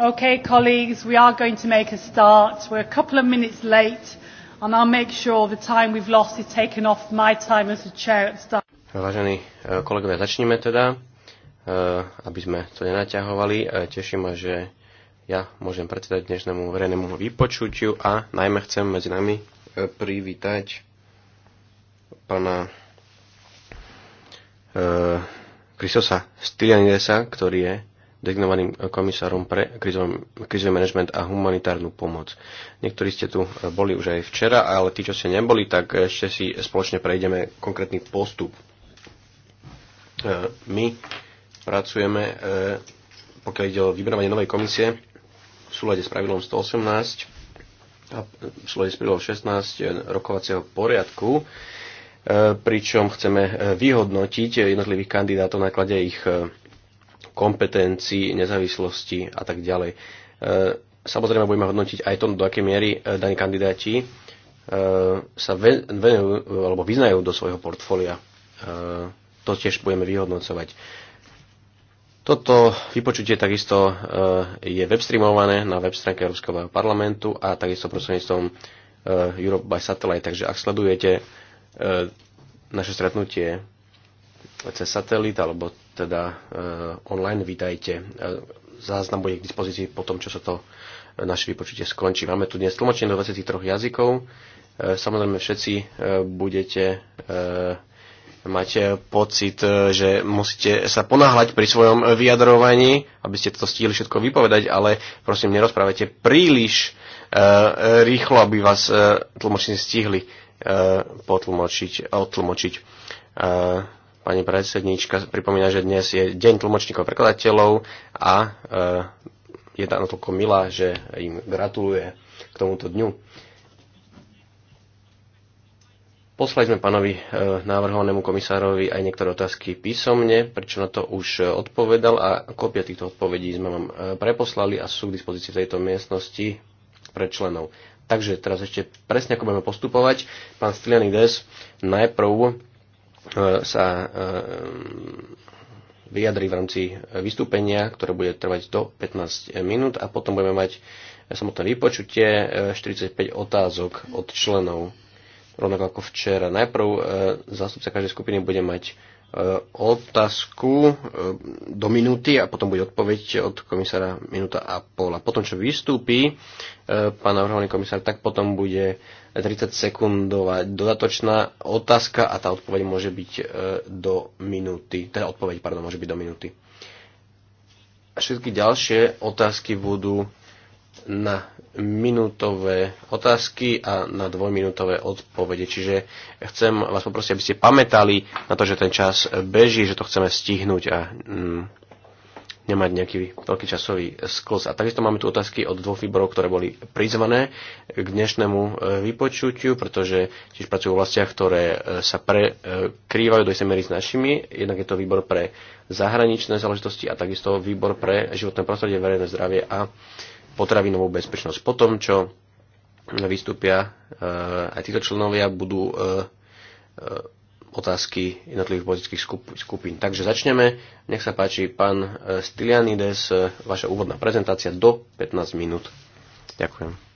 Okay, colleagues, we are going to make a start. We're a couple of minutes late, and I'll make sure the time we've lost is taken off my time as a chair at start. Vážení eh, kolegovia, začneme teda, eh, aby sme to nenaťahovali. Eh, teším ma, že ja môžem predsedať dnešnému verejnému vypočutiu a najmä chcem medzi nami privítať pána Krisosa Stylianidesa, ktorý je dignovaným komisárom pre krizový, manažment a humanitárnu pomoc. Niektorí ste tu e, boli už aj včera, ale tí, čo ste neboli, tak ešte si spoločne prejdeme konkrétny postup. E, my pracujeme, e, pokiaľ ide o vybrávanie novej komisie, v súlade s pravidlom 118 a v súlade s pravidlom 16 rokovacieho poriadku, pričom chceme vyhodnotiť jednotlivých kandidátov na klade ich kompetencií, nezávislosti a tak ďalej. E, samozrejme budeme hodnotiť aj to, do akej miery e, daní kandidáti e, sa venujú alebo vyznajú do svojho portfólia. To tiež budeme vyhodnocovať. Toto vypočutie takisto je webstreamované na web stránke Európskeho parlamentu a takisto prostredníctvom Europe by Satellite. Takže ak sledujete naše stretnutie cez satelit alebo teda eh, online, vítajte. Eh, záznam bude k dispozícii po tom, čo sa to eh, naše vypočutie skončí. Máme tu dnes tlmočenie do 23 jazykov. Samozrejme všetci budete mať pocit, že musíte sa ponáhľať pri svojom vyjadrovaní, aby ste to stihli všetko vypovedať, ale prosím, nerozprávajte príliš rýchlo, aby vás tlmočníci stihli potlmočiť, odtlmočiť. Pani predsednička pripomína, že dnes je deň tlmočníkov prekladateľov a e, je tam natoľko milá, že im gratuluje k tomuto dňu. Poslali sme pánovi e, návrhovanému komisárovi aj niektoré otázky písomne, prečo na to už odpovedal a kopia týchto odpovedí sme vám e, preposlali a sú k dispozícii v tejto miestnosti pre členov. Takže teraz ešte presne ako budeme postupovať. Pán Stylianides najprv E, sa e, mm, vyjadri v rámci vystúpenia, ktoré bude trvať do 15 minút a potom budeme mať samotné vypočutie 45 e, otázok od členov, rovnako ako včera. Najprv zástupca každej skupiny bude mať Eh, otázku eh, do minúty a potom bude odpoveď od komisára minúta a pol. A potom, čo vystúpi eh, pán navrhovaný komisár, tak potom bude 30 sekundová dodatočná otázka a tá odpoveď môže byť do minúty. Teda odpoveď, pardon, môže byť do minúty. A všetky ďalšie otázky budú na minútové otázky a na dvojminútové odpovede. Čiže chcem vás poprosiť, aby ste pamätali na to, že ten čas beží, že to chceme stihnúť a mm, nemať nejaký veľký časový sklos. A takisto máme tu otázky od dvoch výborov, ktoré boli prizvané k dnešnému e, vypočutiu, pretože tiež pracujú v oblastiach, ktoré e, sa prekrývajú do istej miery s našimi. Jednak je to výbor pre zahraničné záležitosti a takisto výbor pre životné prostredie, verejné zdravie a potravinovú bezpečnosť. tom, čo vystúpia e, aj títo členovia, budú e, e, otázky jednotlivých politických skupín. Takže začneme. Nech sa páči, pán Stylianides, vaša úvodná prezentácia do 15 minút. Ďakujem.